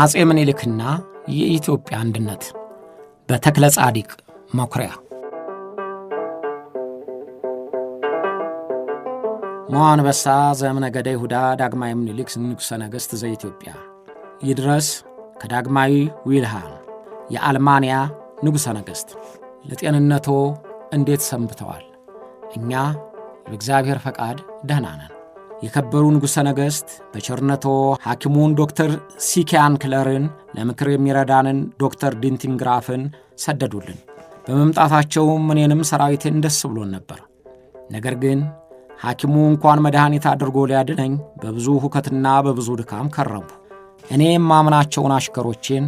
አጼ ምኒልክና የኢትዮጵያ አንድነት በተክለ ጻዲቅ መኩሪያ ሞአንበሳ ገደ ይሁዳ ዳግማዊ ምኒልክ ንጉሠ ነገሥት ዘኢትዮጵያ ይድረስ ከዳግማዊ ዊልሃልም የአልማንያ ንጉሠ ነገሥት። ለጤንነቶ እንዴት ሰንብተዋል? እኛ በእግዚአብሔር ፈቃድ ደህና ነን። የከበሩ ንጉሠ ነገሥት በቸርነቶ ሐኪሙን ዶክተር ሲኪያን ክለርን ለምክር የሚረዳንን ዶክተር ዲንቲንግራፍን ሰደዱልን። በመምጣታቸውም እኔንም ሠራዊቴን ደስ ብሎን ነበር። ነገር ግን ሐኪሙ እንኳን መድኃኒት አድርጎ ሊያድነኝ በብዙ ሁከትና በብዙ ድካም ከረቡ። እኔ የማምናቸውን አሽከሮቼን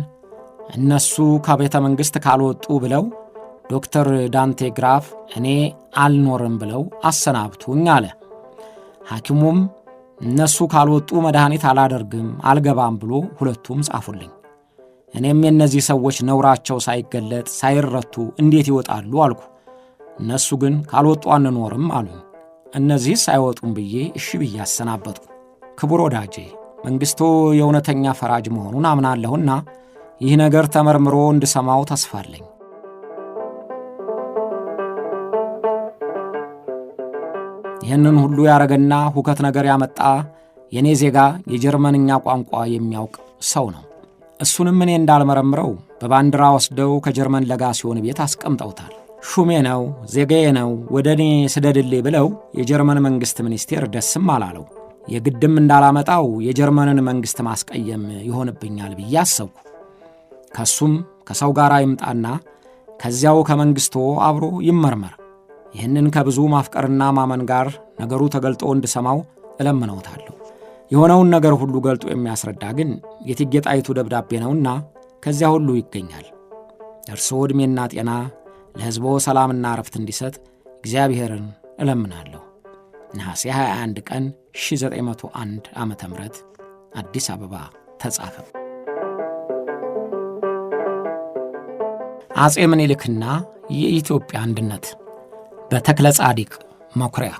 እነሱ ከቤተ መንግሥት ካልወጡ ብለው ዶክተር ዳንቴ ግራፍ እኔ አልኖርም ብለው አሰናብቱኝ አለ። ሐኪሙም እነሱ ካልወጡ መድኃኒት አላደርግም አልገባም ብሎ ሁለቱም ጻፉልኝ። እኔም የእነዚህ ሰዎች ነውራቸው ሳይገለጥ ሳይረቱ እንዴት ይወጣሉ አልኩ። እነሱ ግን ካልወጡ አንኖርም አሉ። እነዚህስ አይወጡም ብዬ እሺ ብዬ አሰናበትኩ። ክቡር ወዳጄ መንግሥቶ የእውነተኛ ፈራጅ መሆኑን አምናለሁና ይህ ነገር ተመርምሮ እንድሰማው ተስፋለኝ። ይህንን ሁሉ ያረገና ሁከት ነገር ያመጣ የእኔ ዜጋ የጀርመንኛ ቋንቋ የሚያውቅ ሰው ነው። እሱንም እኔ እንዳልመረምረው በባንዲራ ወስደው ከጀርመን ለጋ ሲሆን ቤት አስቀምጠውታል። ሹሜ ነው፣ ዜጋዬ ነው፣ ወደ እኔ ስደድሌ ብለው የጀርመን መንግሥት ሚኒስቴር ደስም አላለው። የግድም እንዳላመጣው የጀርመንን መንግሥት ማስቀየም ይሆንብኛል ብዬ አሰብኩ። ከሱም ከሰው ጋር ይምጣና ከዚያው ከመንግሥቶ አብሮ ይመርመር። ይህንን ከብዙ ማፍቀርና ማመን ጋር ነገሩ ተገልጦ እንድሰማው እለምነውታለሁ። የሆነውን ነገር ሁሉ ገልጦ የሚያስረዳ ግን የእቴጌ ጣይቱ ደብዳቤ ነውና ከዚያ ሁሉ ይገኛል። ለእርስዎ ዕድሜና ጤና፣ ለሕዝቦ ሰላምና እረፍት እንዲሰጥ እግዚአብሔርን እለምናለሁ። ነሐሴ 21 ቀን 1901 ዓ ም አዲስ አበባ ተጻፈ። አጼ ምኒልክና የኢትዮጵያ አንድነት በተክለ ጻዲቅ መኩሪያ